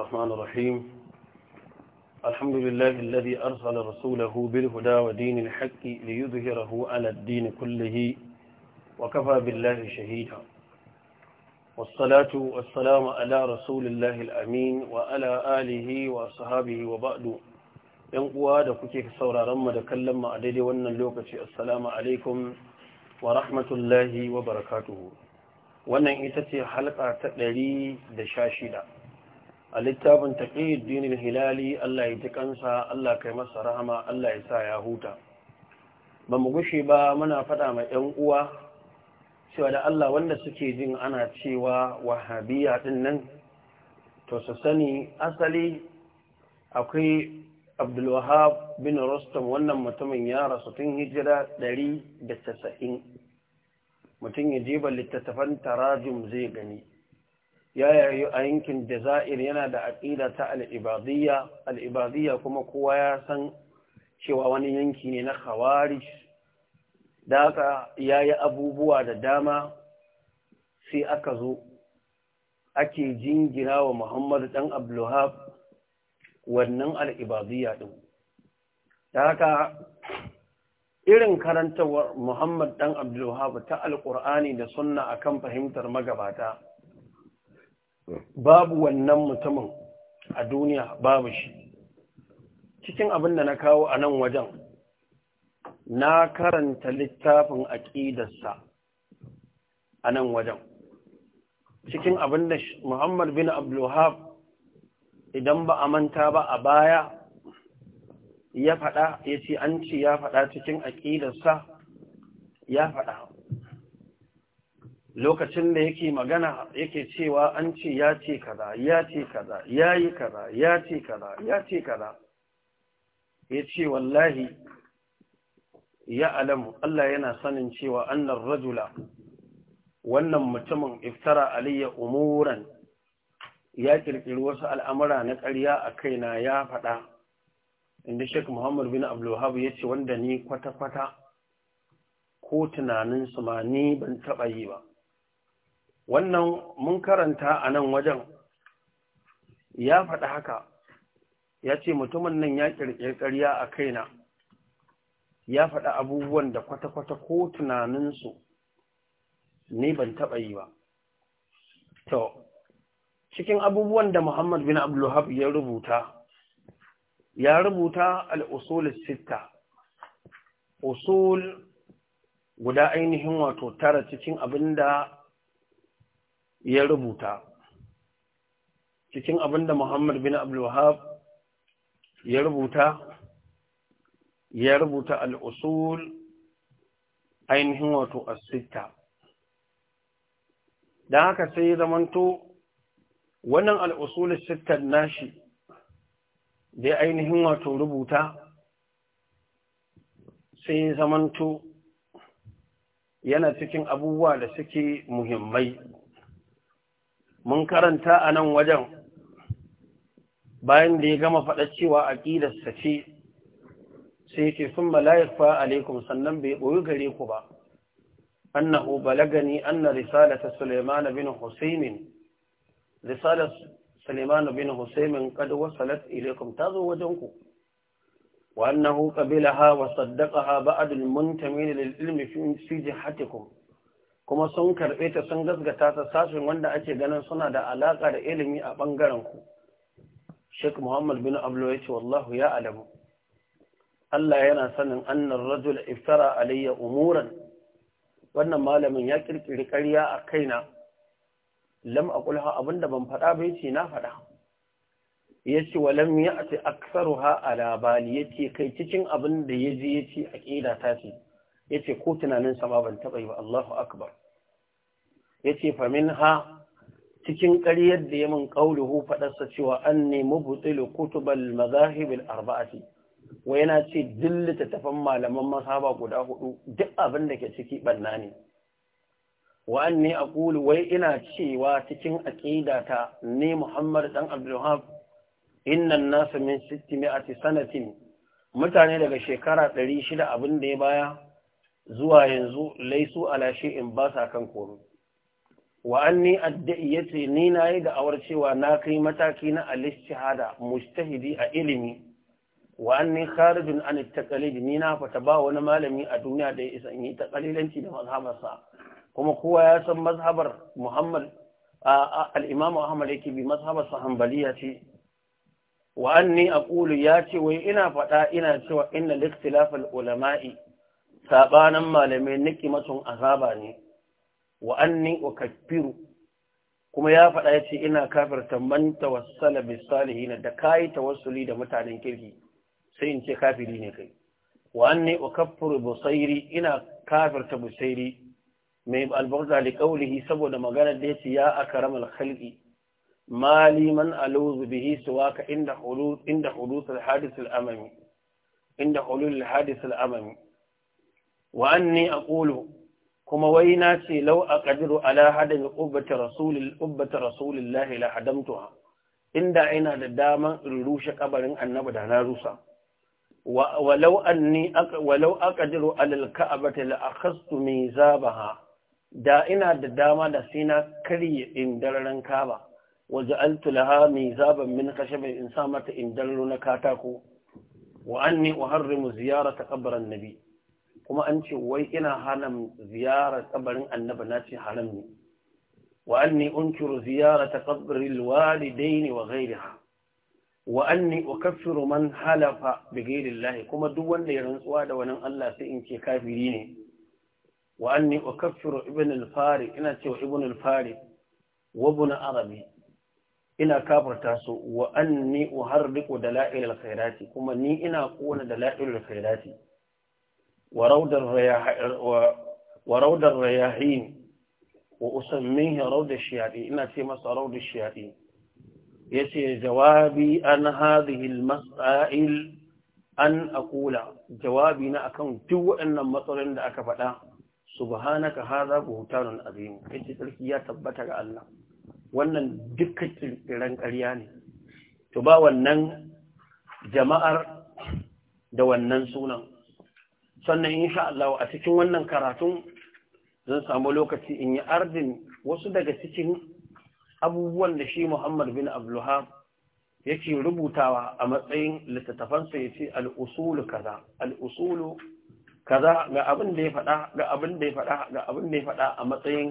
الرحمن الرحيم الحمد لله الذي أرسل رسوله بالهدى ودين الحق ليظهره على الدين كله وكفى بالله شهيدا والصلاة والسلام على رسول الله الأمين وعلى آله وصحابه وبعد ينقوى دكتك سورة رمى دكلم أدري ون اللوكة السلام عليكم ورحمة الله وبركاته wannan ita ce halka ta 116 a littafin taqiyuddin al-hilali Allah ya ji kansa Allah kai masa rahama Allah ya sa ya huta ba mu gushe ba muna faɗa ma 'yan uwa cewa da Allah wanda suke jin ana cewa wahabiya din nan to su sani asali akwai Abdul bin Rustam wannan mutumin ya rasu tun hijira 190 mutum ya jeba littattafan tarajum zai gani ya yayi a yankin Jazair yana da aƙida ta al'ibadiyya, al'ibadiyya kuma kowa ya san cewa wani yanki ne na Khawarij, daga yayi ya yi abubuwa da dama sai aka zo, ake jingina wa Muhammadu ɗan Abdullahab wannan al'ibadiyya ɗin. Da irin karantawar Muhammad ɗan Abdullahab ta Alƙur'ani da sunna akan fahimtar magabata. babu wannan mutumin a duniya babu shi cikin abin da na kawo a nan wajen na karanta littafin aƙidarsa a nan wajen cikin abin da muhammad bin abdullahab idan ba a manta ba a baya ya faɗa ya ce an ce ya faɗa cikin aƙidarsa ya faɗa lokacin da yake magana yake cewa an ce ya ce kaza ya ce kaza ya yi kaza ya ce kaza ya ce kaza ya ce wallahi ya alamu Allah yana sanin cewa annar rajula wannan mutumin iftara aliyya umuran ya kirkiri wasu al'amura na karya a kaina ya faɗa inda Sheikh Muhammad bin abdullahi ya ce wanda ni kwata-kwata ko tunanin su ma ni ban taɓa yi ba wannan mun karanta a nan wajen ya faɗi haka ya ce mutumin nan ya ƙirƙiri ƙarya a kaina ya faɗi abubuwan da kwata-kwata ko tunaninsu ne ban taɓa yi ba. To, cikin abubuwan da Muhammad bin Abdullahab ya rubuta, ya rubuta al'usul sitta, usul guda ainihin wato tara cikin abin da ya rubuta cikin abin da Muhammad bin Abdulwahab ya rubuta ya rubuta al'usul ainihin wato asita don haka sai ya zamanto wannan al'usul sittar nashi da ainihin wato rubuta sai ya zamanto yana cikin abubuwa da suke muhimmai mun karanta a nan wajen bayan da ya gama faɗa cewa aƙidarsa ce sai yake sun malayarfa alaikum sannan bai ɓoyi gare ku ba annahu balagani anna risalata suleiman bin husaymin risalat suleiman bin husaymin qad wasalat ilaikum tazo wajen ku wa annahu qabilaha wa saddaqaha ba'd al-muntamin lil ilmi fi jihatikum kuma sun karɓe ta sun gasgata ta sashen wanda ake ganin suna da alaƙa da ilimi a ɓangaren ku Sheikh Muhammad bin Abdul ya ce wallahu ya alamu Allah yana sanin annar rajul iftara alayya umuran wannan malamin ya ƙirƙiri ƙarya a kaina lam aqulha abinda ban faɗa bai ce na faɗa yace walam ya'ti aktharuha ala bali kai cikin abin da yaji yace aqida ta ce yace ko tunanin sama ban taɓa yi ba Allahu akbar ya ce famin ha cikin ƙaryar da ya min ƙauluhu faɗarsa cewa an nemi butsilu kutubal mazahibil arba'ati wa yana ce dillita tafan malaman masaba guda hudu duk abin da ke ciki ɓanna ne wa an ne a ƙulu wai ina cewa cikin ta ne muhammad ɗan abdulhab innan nasu min a sanatin mutane daga shekara ɗari shida abin da ya baya zuwa yanzu laisu ala in ba sa kan koro wa anni adda'i yace ni na yi da'awar cewa na kai mataki na al-istihada mujtahidi a ilimi wa anni kharijun an at ni na fata ba wani malami a duniya da ya isa yi taqalilanci da mazhabarsa kuma kowa ya san mazhabar Muhammad al-Imam Ahmad yake bi mazhabar hambaliya ce wa a ƙulu ya ce wai ina faɗa ina cewa inna liktilafal ulama'i sabanan malamai nikimatun azaba ne wa anni kafiru kuma ya faɗa ya ce ina kafirta man wasala bi salihin da kai tawassuli da mutanen kirki sai in ce kafiri ne kai wa anni ukaffiru busairi ina kafirta busairi mai albarza li qawlihi saboda magana da yace ya akramal khalqi mali man aluzu bihi suwaka inda hulul inda hulul inda hulul al al-amami wa anni aqulu kuma wai na ce lau a ƙadiru ala hadami ubbata rasulil ubbata rasulillahi la hadamtuha inda ina da daman in rushe ƙabarin annabi da na rusa walau anni walau aqdiru ala alka'bati la zaba da ina da dama da sai na karye indarran kaba waja'altu mai zaban min mai in sa mata indarru na katako wa mu uharrimu ziyarata qabr annabi kuma an ce wai ina hana ziyarar kabarin annabi na ce haram ne wa anni unkiru ziyarata qabril walidaini wa ghayriha wa anni ukaffiru man halafa bi ghayrillahi kuma duk wanda ya rantsuwa da wani Allah sai in ce kafiri ne wa anni ukaffiru ibn al-fari ina cewa ibn al-fari wa ibn arabi ina kafarta su wa anni uharriqu dala'il al-khairati kuma ni ina kona dala'il al-khairati وروض الرياحين وأسميه روض الشياطين إنا تيمس روض الشياطين يسي جوابي أن هذه المسائل أن أقول جوابنا أكون تو أن مطلن أكفتا سبحانك هذا بهتان عظيم يسي تلكي تبتك الله wannan dukkan kirkiran ƙarya ne to ba wannan jama'ar da wannan sunan sannan insha Allah a cikin wannan karatun zan samu lokaci in yi ardin wasu daga cikin abubuwan da shi Muhammad bin Abdulhab yake rubutawa a matsayin littattafansa ya ce al'usulu kaza, al'usulu kaza ga abin da ya faɗa, ga abin da ya faɗa, ga abin da ya faɗa a matsayin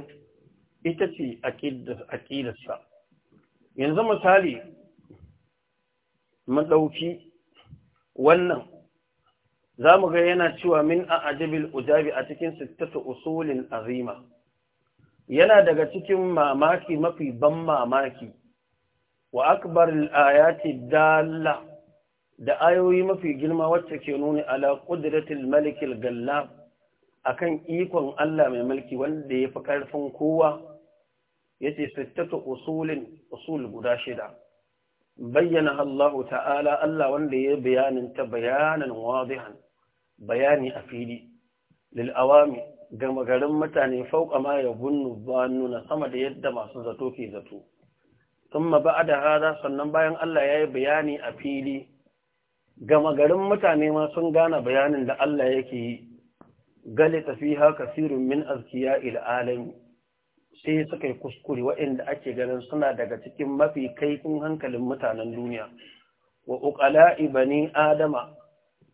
ita ce aƙidarsa. Yanzu misali, maɗauki wannan za mu ga yana cewa min a ajabil ujabi a cikin sittatu usulin azima yana daga cikin mamaki mafi ban mamaki wa akbar al-ayati dalla da ayoyi mafi girma wacce ke nuni ala qudratil malik Galla akan ikon Allah mai mulki wanda ya fi karfin kowa yace sittatu usulin usul guda shida bayyana Allah ta'ala Allah wanda ya bayanin ta bayanan wadihan bayani a fili lil'awami gama garin mutane fauka ma ya gunnu ba nuna sama da yadda masu zato ke zato ba da hada sannan bayan Allah ya yi bayani a fili gama garin mutane ma sun gane bayanin da Allah yake yi Gale tafi haka sirrin min azkiya il'alami sai suka yi kuskure waɗanda ake ganin suna daga cikin mafi kaifin hankalin mutanen duniya wa uqala ibani adama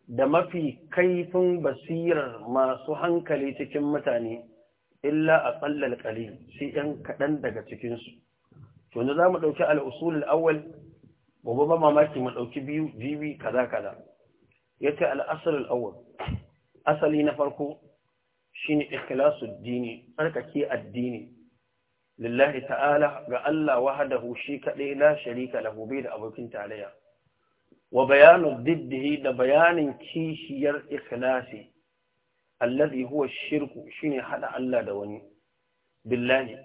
da mafi kaifin basirar masu hankali cikin mutane illa a tsallal ƙali sai ‘yan kaɗan daga cikinsu. Tunda za mu ɗauki al'usulul awwal gobe ba mamaki mu ɗauki biyu jibi kaza kaza ya ce al'asalul awwal asali na farko shine ikhlasu dini tsarkake addini lillahi ta'ala ga Allah wahadahu shi kaɗai la sharika lahu da abokin tarayya wa bayanu diddihi da bayanin kishiyar ikhlasi allazi huwa shirku shine hada Allah da wani billahi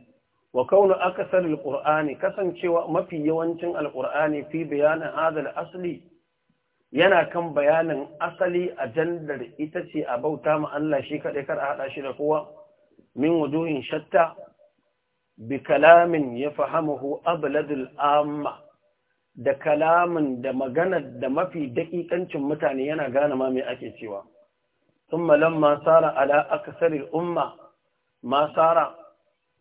wa kaunu akasar alqur'ani kasancewa mafi yawancin alqur'ani fi bayanin hadal asli yana kan bayanin asali ajandar ita ce a bauta ma Allah shi kaɗai kar a haɗa shi da kowa min wujuhin shatta bi kalamin yafhamuhu abladul amma da kalamin da magana da mafi daƙiƙancin mutane yana gane ma mai ake cewa sun malamma tsara ala akasarin umma ma tsara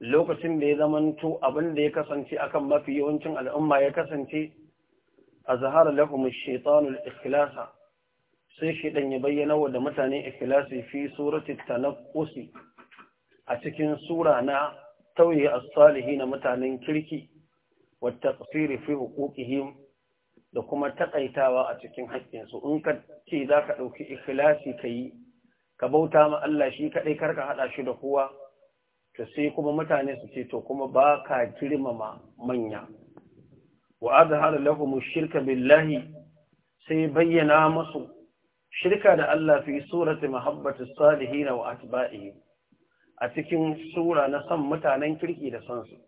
lokacin da ya zamanto abin da ya kasance akan mafi yawancin al'umma ya kasance a zahara lahumin shaitanul ikhlasa sai shaɗan ya bayyana wa da mutane ikhlasi fi surati tanaqqusi a cikin sura na tauye salihi na mutanen kirki والتقصير في حقوقهم da kuma takaitawa a cikin haƙƙinsu in ka ce za ka ɗauki ikhlasi ka yi ka bauta ma Allah shi kaɗai kar ka haɗa shi da kowa to sai kuma mutane su ce to kuma ba ka girmama manya wa azhar lahum shirka billahi sai bayyana musu shirka da Allah fi surati mahabbati salihin wa atba'ihi a cikin sura na san mutanen kirki da sansu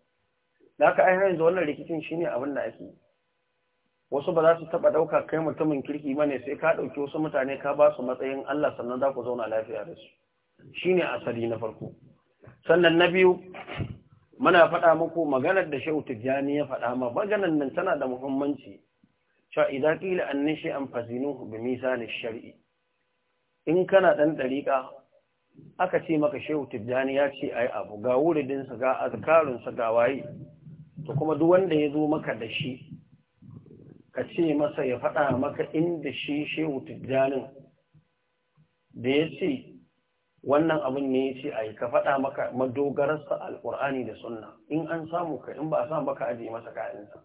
da aka ai yanzu wannan rikicin shine abin da ake wasu ba za su taba dauka kai mutumin kirki bane sai ka dauki wasu mutane ka ba su matsayin Allah sannan za ku zauna lafiya da su shine asali na farko sannan na biyu muna faɗa muku maganar da Shehu Tijjani ya faɗa ma maganar nan tana da muhimmanci cewa idza qila annashi an fazinu bi misali shar'i in kana dan dariqa aka ce maka Shehu Tijjani ya ce ai abu ga wuridin sa ga azkarun sa ga waye to kuma duk wanda ya zo maka da shi ka ce masa ya faɗa maka inda shi shehu tijjanin da ya ce wannan abin ne ya ce a yi ka faɗa maka madogararsa alƙur'ani da sunna in an samu ka in ba a samu baka ajiye masa kayansa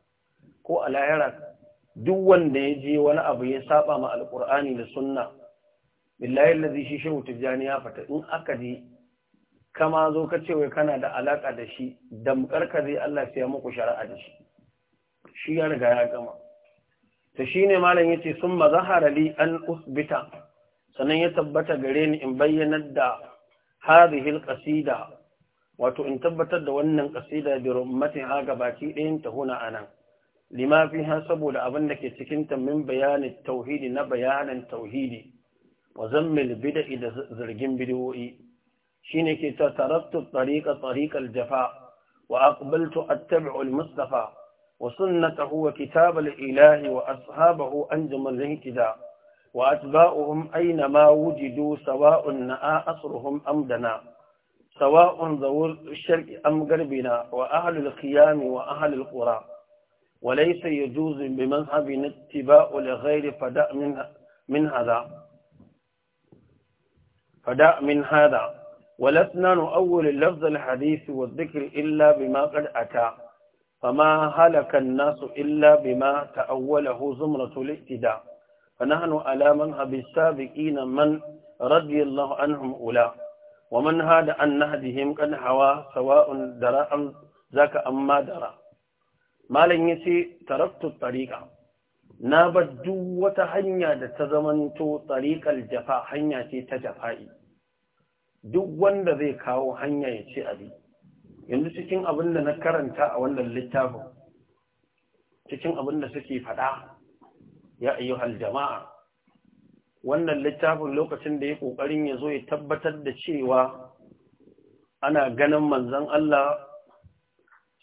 ko a lahira duk wanda ya je wani abu ya saba ma alƙur'ani da sunna billahi allazi shi shehu tijjani ya fata in aka je kama zo ka ce wai kana da alaka da shi damkar ka zai Allah sai ya muku shari'a da shi shi ya riga ya gama to shine malam yace summa zahara li an usbita Sanan ya tabbata gare ni in bayyanar da hadhihi alqasida wato in tabbatar da wannan qasida bi rummati ha gabaki ɗayan ta huna anan lima fiha saboda abin da ke cikin ta min bayanin tauhidi na bayanan tauhidi wa zammil bid'a da zargin bid'o'i شيني كيسا تركت الطريق طريق الجفاء وأقبلت أتبع المصطفى وسنته وكتاب الإله وأصحابه أنجم الاهتداء وأتباؤهم أينما وجدوا سواء نآ أصرهم أم دنا سواء ظهور الشرك أم قربنا وأهل الخيام وأهل القرى وليس يجوز بمذهبنا اتباع لغير فداء من هذا فداء من هذا ولسنا نؤول اللفظ الحديث والذكر إلا بما قد أتى فما هلك الناس إلا بما تأوله زمرة الاهتداء فنحن على منهب السابقين من رضي الله عنهم أولى ومن هذا أن نهدهم قد هوى سواء درى أم ذاك أما درى ما لن يسي تركت الطريقة نابت دوة حنيا تزمنت طريق الجفا حنيا تجفائي duk wanda zai kawo hanya ya ce abi yanzu cikin abin da na karanta a wannan littafin cikin abin da suke faɗa ya ayyuhal jama'a wannan littafin lokacin da ya ƙoƙarin ya zo ya tabbatar da cewa ana ganin manzon Allah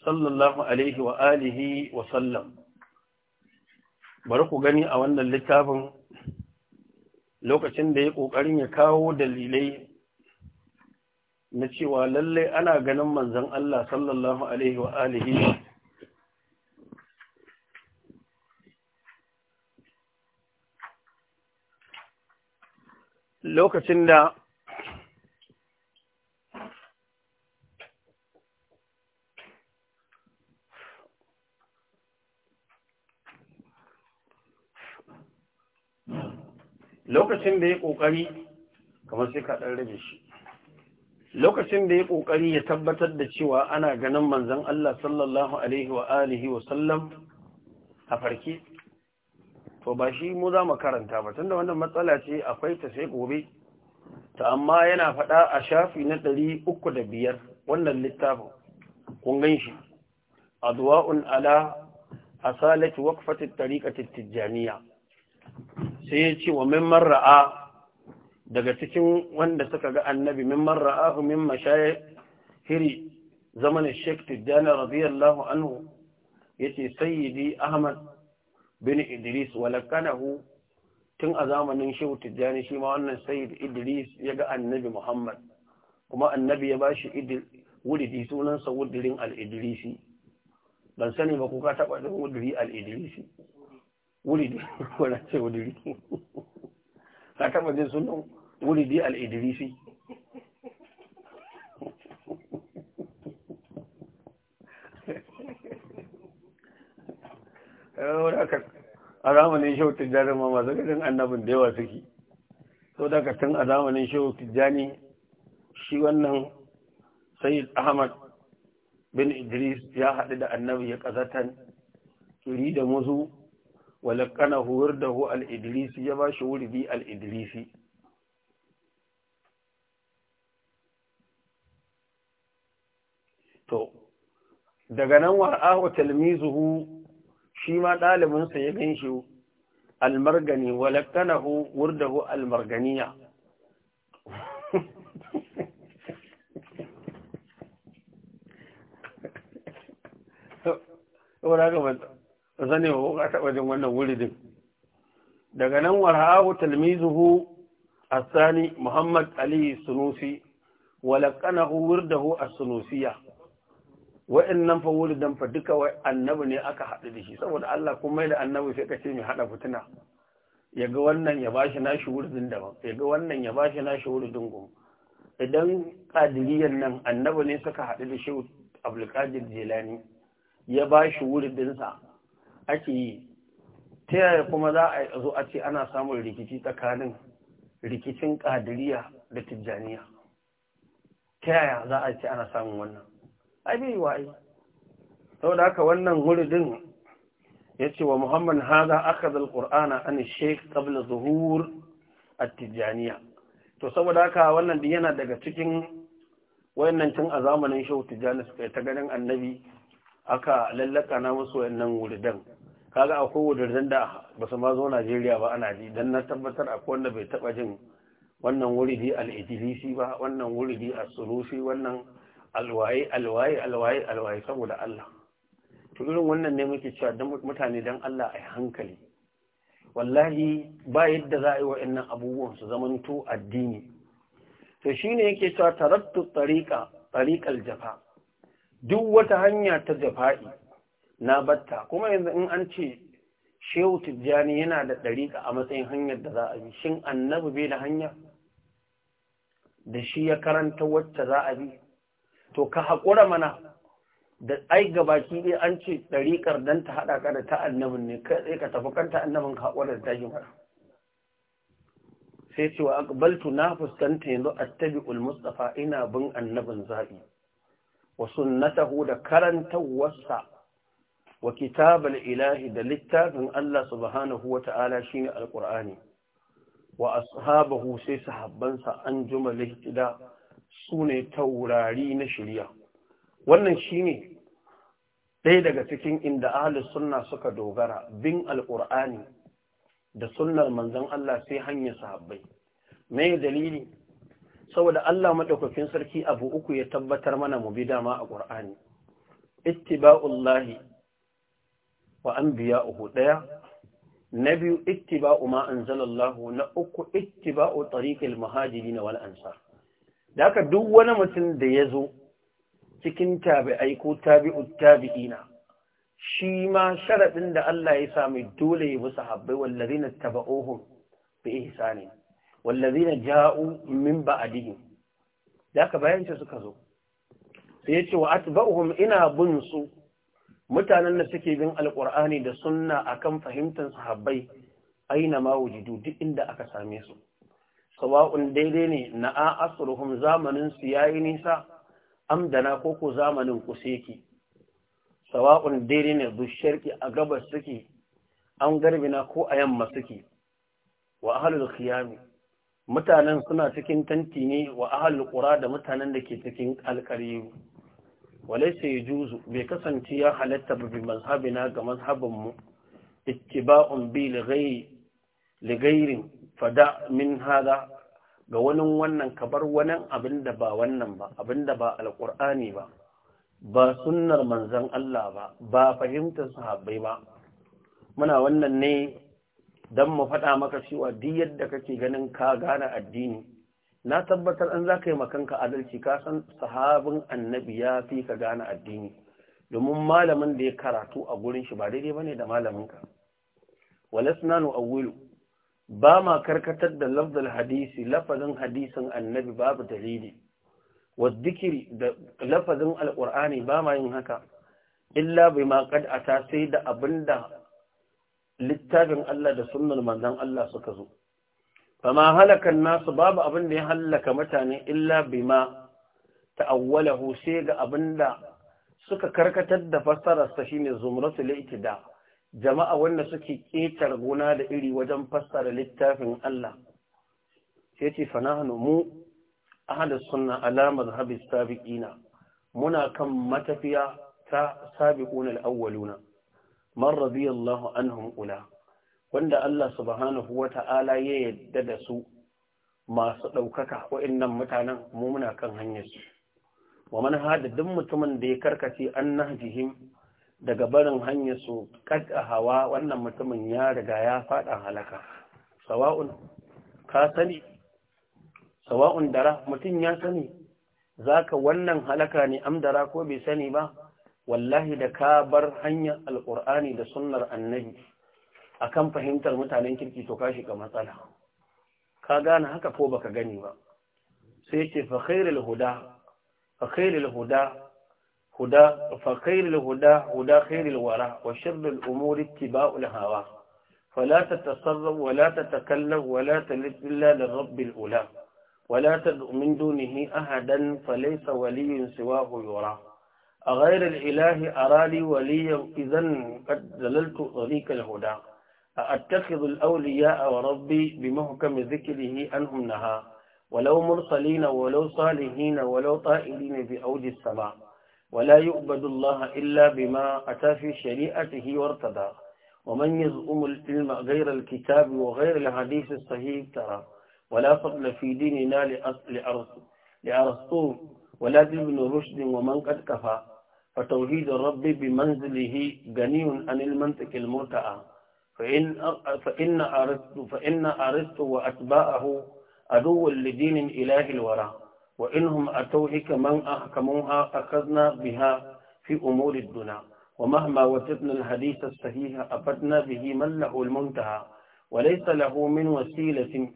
sallallahu alaihi wa alihi wa sallam bari ku gani a wannan littafin lokacin da ya ƙoƙarin ya kawo dalilai na cewa lalle ana ganin manzon Allah sallallahu alaihi wa alihi lokacin da lokacin da ya ƙoƙari kamar sai ka ɗan rabe shi lokacin da ya ƙoƙari ya tabbatar da cewa ana ganin manzon Allah sallallahu alaihi wa alihi wa sallam a farke to ba shi mu za mu karanta ba tunda wannan matsala ce akwai ta sai gobe ta amma yana faɗa a shafi na ɗari uku da biyar wannan littafin kun gan shi adwa'un ala asalati waqfati tariqati tijaniya sai ya ce wa mimman ra'a daga cikin wanda suka ga annabi mimman ra'ahu min mashayiri zamanin Sheikh Tijjani radiyallahu anhu ya ce, sayyidi Ahmad bin Idris walakanahu tun a zamanin Sheikh Tijjani shi ma wannan sayyid Idris ya ga annabi Muhammad kuma annabi ya bashi wuridi sunansa wudirin al-Idrisi ban sani ba ko ka taba wudiri al-Idrisi wuridi wala ce wudiri na taɓa jin sunan wuridi al-idrisi eh, a zamanin shehu tijjani ma masu ganin annabin da yawa suke sau da tun a zamanin shehu tijjani shi wannan sayyid ahmad bin idris ya haɗu da annabi ya ƙazatan turi da musu hu da ya ba shi wuri bi الإدريسي to daga nan wa war'ahu talmizuhu shi ma ɗaliminsa ya gan shi almargani da hu almarganiya saboda ga zane wa wuka taɓa jin wannan wuridin daga nan warhahu talmizuhu sani muhammad ali sunusi walaqanahu wirdahu as-sunusiyya wa'annan fa wuridan fa duka wai annabi ne aka haɗu da shi saboda Allah kuma da annabi sai kace mai hada fitina yaga wannan ya bashi nashi wuridin daban yaga wannan ya bashi nashi wuridin gum idan qadiriyan nan annabi ne suka haɗu da shi Abdul Qadir Jilani ya bashi wuridin sa ake yi ta yaya kuma za a zo a ce ana samun rikici tsakanin rikicin ƙadiriya da tijjaniya ta yaya za a ce ana samun wannan abin wa'i sau da haka wannan wuridin ya ce wa muhammadu haza aka zal ƙur'ana an sheik ƙabla zuhur a tijjaniya to saboda haka wannan yana daga cikin wayannan cin a zamanin shehu tijjani suka yi ta ganin annabi aka lallaka na musu wayannan wuridan kaga akwai wuridan da ba su ma zo Najeriya ba ana ji dan na tabbatar akwai wanda bai taba jin wannan wuridi al-ijlisi ba wannan wuridi as-sulusi wannan alwaye alwaye alwaye alwaye saboda Allah to irin wannan ne muke cewa dan mutane dan Allah ai hankali wallahi ba yadda za a yi wa'annan abubuwan su zamanto addini to shine yake cewa tarattu tariqa tariqal jafa duk wata hanya ta jafa'i na batta kuma yanzu in an ce shehu tijjani yana da ɗariƙa a matsayin hanyar da za a bi shin annabi bai da hanya da shi ya karanta wacce za a bi to ka haƙura mana da ai gabaki ɗaya an ce ɗariƙar don ta haɗa ka da ta annabin ne kai ka tafi kanta ta annabin ka haƙura da tashin mara sai cewa aqbaltu na fuskanta yanzu attabi'ul mustafa ina bin annabin zabi wa sunnatahu da karantawarsa wa kitabal ilahi da littafin Allah subhanahu wa ta'ala shi ne alƙur'ani wa ashabahu sai sahabbansa Anjima juma lihtida su ne taurari na shirya wannan shine ɗaya daga cikin inda ahalus sunna suka dogara bin alƙur'ani da sunnar manzon Allah sai hanyar sahabbai mai dalili saboda Allah madaukakin sarki abu uku ya tabbatar mana mu bi dama a Qur'ani ittiba'ullahi wa uhu ɗaya, na biyu ittiba'u ma anzalallahu na uku ittiba'u tariqil na wal'ansa. Da haka duk wani mutum da ya zo cikin tabi'ai ko tabi'u, tabi'ina shi ma sharaɗin da Allah ya sami dole ya bi sahabbai wallazina tabauhum bi ihsani wallazina ja'u min ba'dihim da ka bayan ce suka zo sai ya ce wa atba'uhum ina bin su mutanen da suke bin Alƙur'ani da sunna kan fahimtar sahabbai aina ma wujudu duk inda aka same su sawa'un daidai ne na asruhum zamanin su yayi nisa amdana ko ko zamanin kuseki sawa'un daidai ne dusharki a gabas suke an garbina ko a yamma suke wa ahlul khiyami mutanen suna cikin tanti ne wa ahal qura da mutanen da ke cikin sai walaysa juzu bai kasance ya halatta bi mazhabina ga mazhabin ba ittiba'un bi ligairin fada min hada ga wani wannan kabar wannan abinda ba wannan ba abinda ba alqur'ani ba ba sunnar manzon Allah ba ba fahimtar sahabbai ba muna wannan ne don mu faɗa maka cewa duk yadda kake ganin ka gane addini na tabbatar an za ka yi makanka adalci ka san sahabin annabi ya fi ka gane addini domin malamin da ya karatu a gurin shi ba daidai ba ne da malaminka walasna nu awwilu ba ma karkatar da lafzul hadisi lafazin hadisin annabi babu dalili wadikiri da lafazin alƙur'ani ba ma yin haka illa bai qad ata sai da abinda littafin Allah da sunnar manzon Allah suka zo fama halakan nasu babu abin da ya halaka mutane illa bima ta'awwalahu sai ga abin da suka karkatar da fassararsa shine zumratul da jama'a wanda suke ƙetar gona da iri wajen fassara littafin Allah sai ce fa mu ahlus sunna alamar madhhabis sabiqina muna kan matafiya ta sabiquna al-awwaluna man radiyallahu anhum ula wanda Allah subhanahu Ta'ala ya yadda da su masu ɗaukaka waɗannan mutanen mu muna kan hanyar su wa man hada duk mutumin da ya karkace an nahjihim daga barin hanyar su kad hawa wannan mutumin ya riga ya fada halaka sawa'un ka sani sawa'un dara mutum ya sani zaka wannan halaka ne amdara ko bai sani ba wallahi da ka bar hanyar alkur'ani da sunnar annabi akan fahimtar mutanen kirki to ka shiga matsala ka gane haka ko baka gani ba sai ce fa khairul huda fa khairul huda huda fa khairul huda huda khairul wara wa sharrul umuri ittiba'ul hawa فلا تتصرف ولا تتكلم ولا تلد إلا للرب الأولى tad'u min dunihi ahadan fa laysa waliyyun siwahu yura أغير الإله أرالي وليا إذا قد ذللت طريق الهدى أتخذ الأولياء وربي بمحكم ذكره أنهم نهى ولو مرسلين ولو صالحين ولو طائلين بأوج السماء ولا يؤبد الله إلا بما أتى في شريعته وارتدى ومن يزعم العلم غير الكتاب وغير الحديث الصحيح ترى ولا فضل في ديننا لأرسطو ولا ابن رشد ومن قد كفى فتوحيد الرب بمنزله غني عن المنطق المرتعى فإن فإن أردت فإن أردت وأتباعه عدو لدين إله الورى وإنهم أتوه كمن أحكموها أخذنا بها في أمور الدنيا ومهما وجدنا الحديث الصحيح أبدنا به من له المنتهى وليس له من وسيلة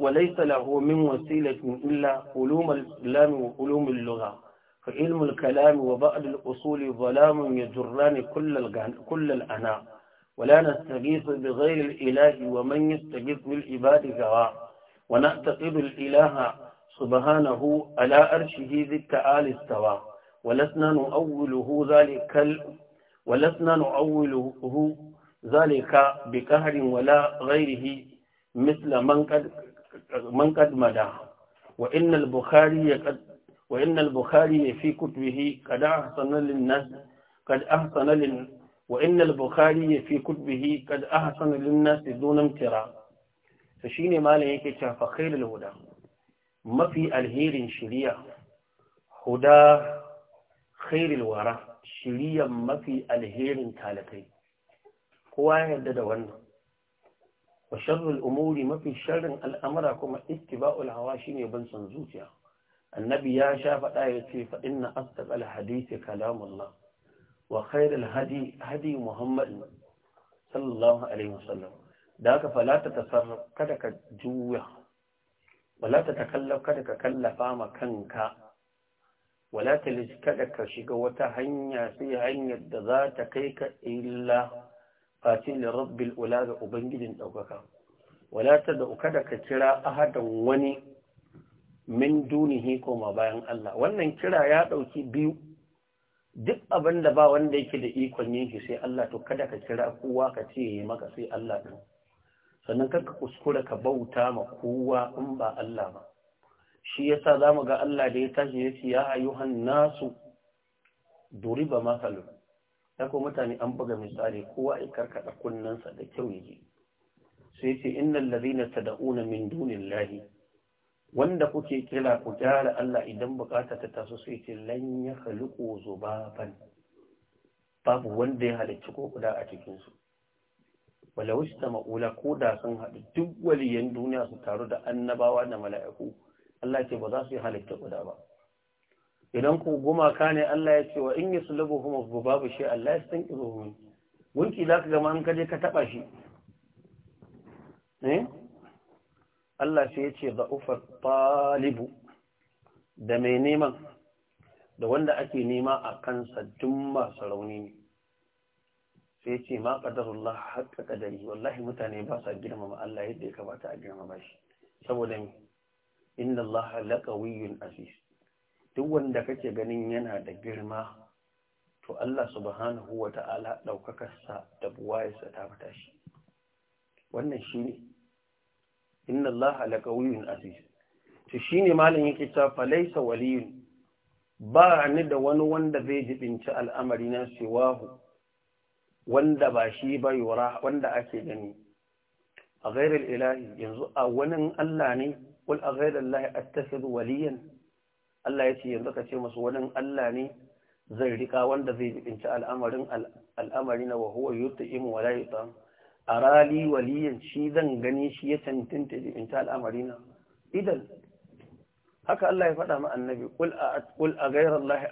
وليس له من وسيلة إلا علوم الإسلام وعلوم اللغة فعلم الكلام وبعد الأصول ظلام يجران كل, كل الأناء ولا نستغيث بغير الإله ومن يستغيث بالعباد جواء ونعتقد الإله سبحانه على أرشه ذي التعالي استوى ولسنا نؤوله ذلك ولسنا نؤوله ذلك بكهر ولا غيره مثل من قد من قد مدى وإن البخاري قد wa inna al-bukhari fi kutubihi qad ahsana lin-nas qad ahsana lin wa inna al-bukhari fi kutubihi qad ahsana lin-nas dun imtira to shine malam yake cewa fa khairul huda mafi alherin shari'a huda khairul wara shari'a mafi alherin talakai kowa ya yarda da wannan wa sharrul umuri mafi sharrin al'amara kuma ittiba'ul hawa shine ban san zuciya annabi ya sha faɗa ya ce faɗin na astaƙal hadisi kalamullah wa khairul hadi hadi muhammadin sallallahu alaihi wasallam da aka fala ta tasarraf kada ka juya wala ta takallaf kada ka kallafa ma kanka wala ta kada ka shiga wata hanya sai hanyar da za ta kai ka illa fatin da rabbil ula ga ubangijin ɗaukaka wala ta da kada ka kira ahadan wani min dunihi koma bayan Allah wannan kira ya dauki biyu duk abinda ba wanda yake da ikon yin shi sai Allah to kada ka kira kowa ka ce yi maka sai Allah din sannan ka kuskura ka bauta ma kowa in ba Allah ba shi yasa zamu ga Allah da ya tashi ya ce ya ayuhan nasu duriba masalun ko mutane an buga misali kowa ya karkada kunnansa da kyau yake sai ce innal ladina tad'una min dunillahi wanda kuke kira ku gyara Allah idan bukata ta taso sai ce lan ya khaliqu zubaban babu wanda ya halicci ko kuda a cikin su wala wasta maula ko da sun haɗu duk waliyan duniya su taru da annabawa da mala'iku Allah ce ba za su yi halitta kuda ba idan ku gumaka ne Allah ya ce wa in huma zubabu shi Allah ya san kizuhum gunki zaka ga ma an kaje ka taba shi eh Allah sai ya ce za'ufar talibu da mai neman da wanda ake nema a kansa duk masu rauni ne sai ya ce ma ƙadarullah haƙa ƙadari wallahi mutane ba sa girmama Allah yadda ya kamata a girmama shi saboda mi inda Allah wiyun aziz duk wanda kake ganin yana da girma to Allah subhanahu wa ta'ala ɗaukakarsa da buwayarsa ta fita shi wannan shi ne inna allaha laqawiyyun aziz to shi ne malam yake cewa falaisa waliyun ba ni da wani wanda zai jibinci al'amari na siwahu wanda ba shi ba yura wanda ake gani a ghairar ilahi yanzu a wani Allah ne wal a ghairar Allah attasir waliyan Allah ya ce yanzu ka ce masu wani Allah ne zai rika wanda zai jibinci al'amarin al'amari na wahuwa yurta imu wala yutam rali waliyan shi zan gani shi ya tantanta da inta al'amarina idan haka Allah ya faɗa ma annabi qul a qul a ghayra Allah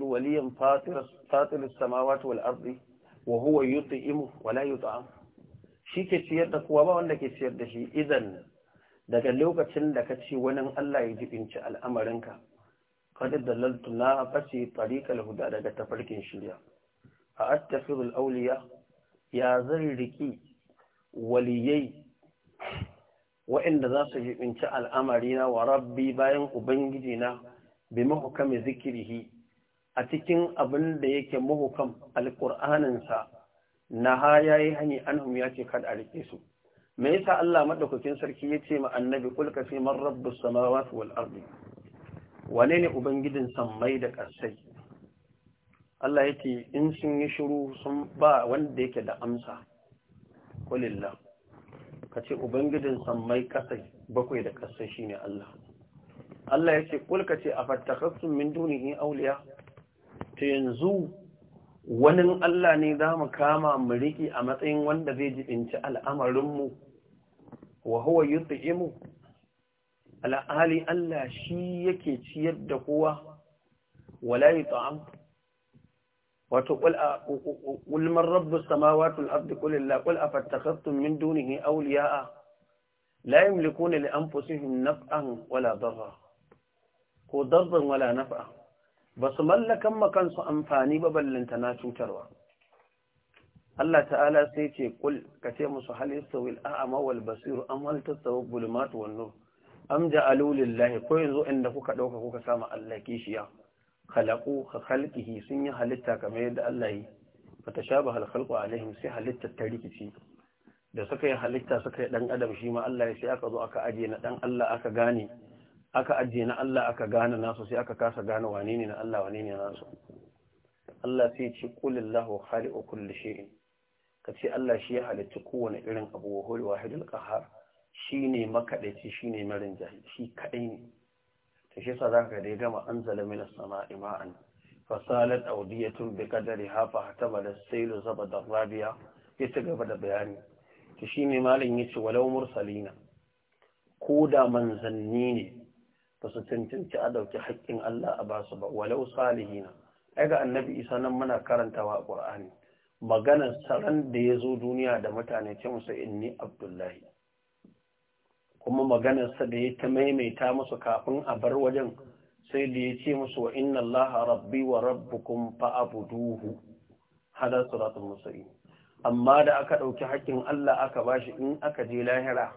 waliyan fatir fatir samawati wal arzi wa huwa imu wala la yut'am shi ke ciyar da kowa ba wanda ke ciyar da shi idan daga lokacin da ka ce wani Allah ya jibinci al'amarinka kada dalaltu na fashe tariqal huda daga tafarkin shirya a attafirul auliya ya zan riki waliyai wa'inda za su jibinci al'amarina wa rabbi bayan ubangijina bi mahukami zikirihi a cikin abin da yake mahukam alƙur'aninsa na ha ya yi hanyi an ya ce kada a rike su me yasa Allah maɗaukakin sarki ya ce ma annabi kul ka man rabbus samawati wal ardi wane ne ubangijin sammai da ƙarsai Allah ya ce in sun yi shiru sun ba wanda yake da amsa kulillah ka ce ubangijin sammai kasai bakwai da kasai shine Allah Allah ya ce kul ka ce afattakhasum min dunihi awliya ta yanzu wani Allah ne za mu kama mu riƙe a matsayin wanda zai jibinci al'amarinmu wa huwa yut'imu al'ali Allah shi yake ciyar da kowa wala yut'am wato ulmar rabbus samawatul abdi ardi qul lillahi qul afattakhadtum min dunihi awliya'a la yamlikuna li anfusihim naf'an wala darra ko darran wala naf'a basu mallakan makansu amfani ba ballanta na cutarwa Allah ta'ala sai ce kul ka ce musu hal yastawil a'ma wal basiru. am hal tastawi zulumat wannan. am ja'alu lillahi ko yanzu inda kuka ɗauka kuka sama Allah kishiya khalaqu ka khalqihi sun yi halitta kamar yadda Allah yi sha ba khalqu alaihim sai halitta ta rikici da suka yi halitta suka yi dan adam shi ma Allah ya sai aka zo aka aje na dan Allah aka gane aka aje na Allah aka gane nasu sai aka kasa gane wane ne na Allah wane ne nasu Allah sai ce qulillahu khaliqu kulli shay'in kace Allah shi ya halitta kowane irin abu wa wahidul kaha shine makadaici shine marin shi kadai ne kashi shi dai gama an zalamin sama'i ma'an fasalat audiyatun bi kadari hafa hatama da sailu da rabiya ya ci gaba da bayani ta shi ne malin ya ce walau mursalina ko da manzanni ne ba su cancanci a ɗauki haƙƙin Allah a basu ba walau salihina ai ga annabi isa nan muna karantawa a ƙur'ani maganar saran da ya zo duniya da mutane ce musu inni abdullahi kuma maganarsa da ya ta maimaita musu kafin a bar wajen sai da ya ce musu wa inna Allah rabbi wa rabbukum fa'abuduhu hada suratul musa'i amma da aka ɗauki haƙƙin Allah aka bashi in aka je lahira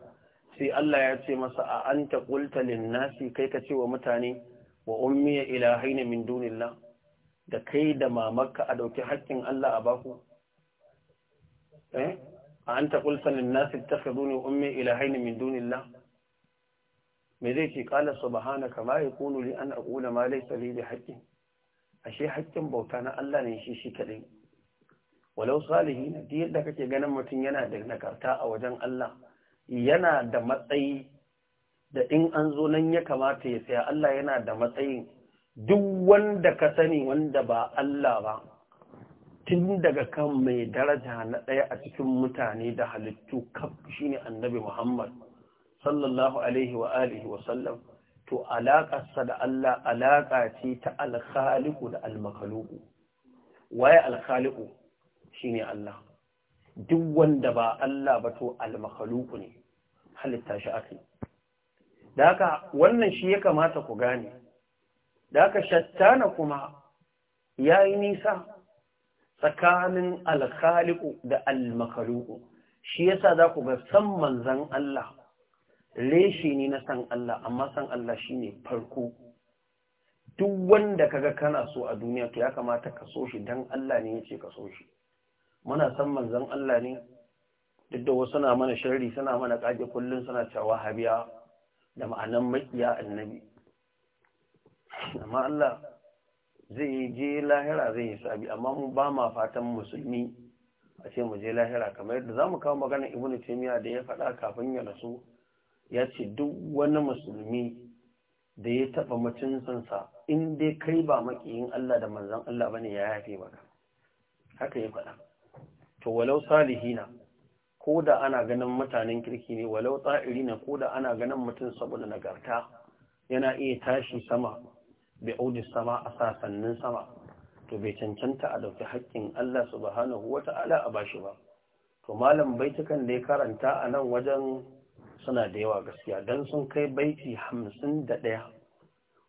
sai Allah ya ce masa a anta qulta lin nasi kai ka ce wa mutane wa ummi ilahaina min dunillah da kai da mamarka a ɗauki haƙƙin Allah a baku eh a anta qulta lin nasi ittakhiduni ummi ilahaina min dunillah me zai ce subhana kama ya kunu li an aqula ma laysa li bi haqqi ashe haƙƙin bauta na Allah ne shi shi kadai walau salihi da yadda kake ganin mutum yana da nagarta a wajen Allah yana da matsayi da in an zo nan ya kamata ya tsaya Allah yana da matsayin duk wanda ka sani wanda ba Allah ba tun daga kan mai daraja na ɗaya a cikin mutane da halittu kaf shine annabi Muhammad sallallahu alaihi wa alihi wa sallam to alaƙarsa da Allah alaƙa ce ta alkhaliku da almakaluku waye alkhaliku shine Allah duk wanda ba Allah ba to almakaluku ne halitta shi da wannan shi ya kamata ku gane da shattana kuma ya yi nisa tsakanin alkhaliku da almakaluku shi yasa za ku ga san manzon Allah reshe ne na san Allah amma san Allah shine farko duk wanda kaga kana so a duniya to ya kamata ka so shi dan Allah ne yace ka so shi muna san manzon Allah ne duk da wasu na mana sharri suna mana kage kullun suna cewa habiya da ma'anan makiya annabi amma Allah zai yi je lahira zai yi sabi amma mu ba ma fatan musulmi a ce mu je lahira kamar yadda zamu kawo magana ibnu taymiya da ya faɗa kafin ya rasu ya ce duk wani musulmi da ya taɓa mutuncinsa in dai kai ba makiyin Allah da manzan Allah ba ne ya yafe maka haka ya faɗa to walau salihina ko da ana ganin mutanen kirki ne walau na ko da ana ganin mutum saboda nagarta yana iya tashi sama bai audi sama a sasannin sama to bai cancanta a dauki haƙƙin Allah subhanahu wata'ala a bashi ba to malam baitukan da ya karanta a nan wajen suna da yawa gaskiya don sun kai baiti hamsin da ɗaya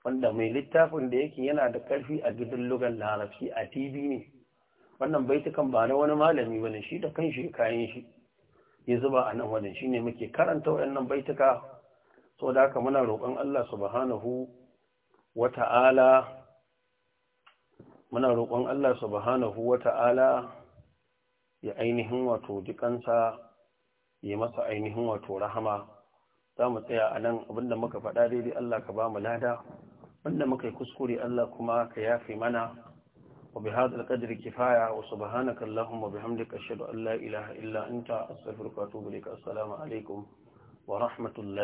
wanda mai littafin da yake yana da ƙarfi a gidan lugan larabci a tv ne wannan baitukan ba na wani malami wani shi da kan shi kayan shi ya zuba a nan wani shi ne muke karanta waɗannan baituka so da haka muna roƙon Allah subhanahu ta'ala muna roƙon Allah subhanahu ta'ala ya ainihin wato jikansa ya masa ainihin wato rahama za mu tsaya a nan abinda muka faɗa daidai Allah ka ba mu lada wanda muka yi kuskure Allah kuma ka yafe mana wa bi hadal qadri kifaya wa subhanaka allahumma bihamdika ashhadu an la ilaha illa anta astaghfiruka wa atubu ilaik assalamu alaikum wa rahmatullahi